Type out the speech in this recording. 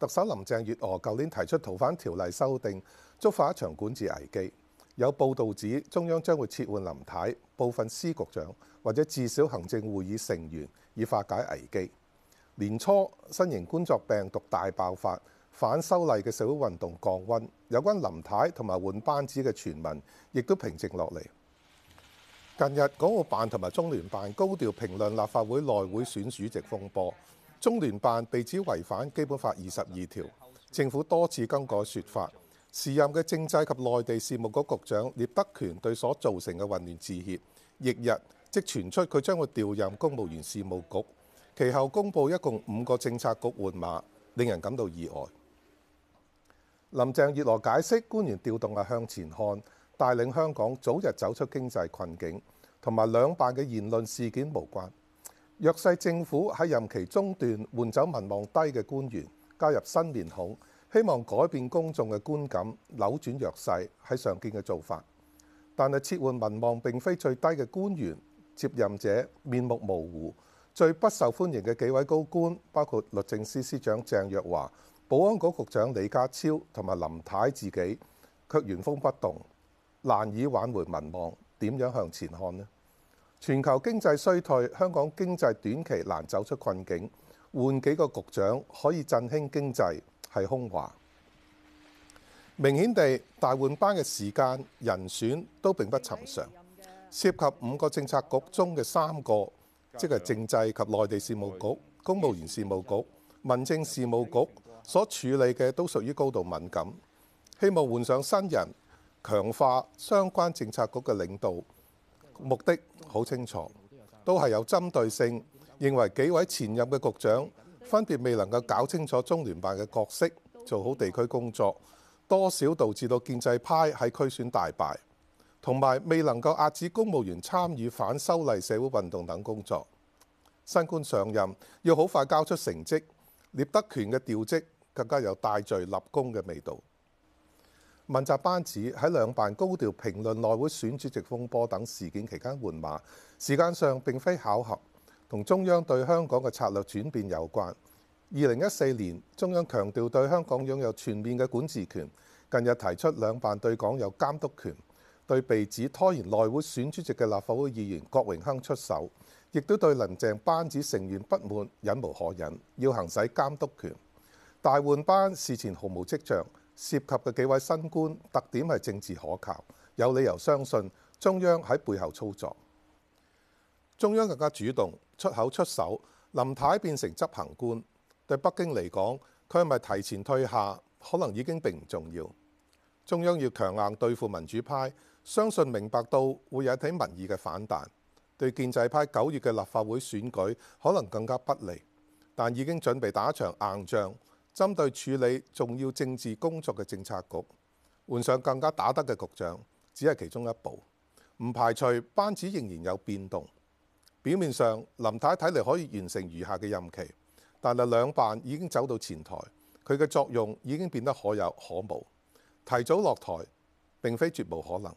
特首林鄭月娥舊年提出逃犯條例修訂，觸發一場管治危機。有報道指中央將會撤換林太、部分司局長或者至少行政會議成員，以化解危機。年初新型冠狀病毒大爆發，反修例嘅社會運動降溫，有關林太同埋換班子嘅傳聞亦都平靜落嚟。近日港澳辦同埋中聯辦高調評論立法會內會選主席風波。中聯辦被指違反基本法二十二條，政府多次更改說法。時任嘅政制及內地事務局局長聶德權對所造成嘅混亂致歉，翌日，日即傳出佢將會調任公務員事務局，其後公布一共五個政策局換馬，令人感到意外。林鄭月娥解釋，官員調動係向前看，帶領香港早日走出經濟困境，同埋兩辦嘅言論事件無關。弱勢政府喺任期中段換走民望低嘅官員，加入新面孔，希望改變公眾嘅觀感，扭轉弱勢，係常見嘅做法。但係撤換民望並非最低嘅官員，接任者面目模糊，最不受歡迎嘅幾位高官，包括律政司司長鄭若驊、保安局局長李家超同埋林太自己，卻原封不動，難以挽回民望。點樣向前看呢？全球經濟衰退，香港經濟短期難走出困境。換幾個局長可以振興經濟係空話。明顯地，大換班嘅時間、人選都並不尋常，涉及五個政策局中嘅三個，即係政制及內地事務局、公務員事務局、民政事務局所處理嘅都屬於高度敏感。希望換上新人，強化相關政策局嘅領導。目的好清楚，都係有針對性，認為幾位前任嘅局長分別未能夠搞清楚中聯辦嘅角色，做好地區工作，多少導致到建制派喺區選大敗，同埋未能夠壓止公務員參與反修例社會運動等工作。新官上任要好快交出成績，聶德權嘅調職更加有戴罪立功嘅味道。問責班子喺兩辦高調評論內會選主席風波等事件期間換馬，時間上並非巧合，同中央對香港嘅策略轉變有關。二零一四年中央強調對香港擁有全面嘅管治權，近日提出兩辦對港有監督權，對被指拖延內會選主席嘅立法會議員郭榮鏗出手，亦都對林鄭班子成員不滿，忍無可忍，要行使監督權。大換班事前毫無跡象。涉及嘅幾位新官，特點係政治可靠，有理由相信中央喺背後操作。中央更加主動出口出手，林太變成執行官，對北京嚟講，佢係咪提前退下，可能已經並唔重要。中央要強硬對付民主派，相信明白到會有啲民意嘅反彈，對建制派九月嘅立法會選舉可能更加不利，但已經準備打一場硬仗。針對處理重要政治工作嘅政策局，換上更加打得嘅局長，只係其中一步，唔排除班子仍然有變動。表面上林太睇嚟可以完成餘下嘅任期，但係兩辦已經走到前台，佢嘅作用已經變得可有可無，提早落台並非絕無可能。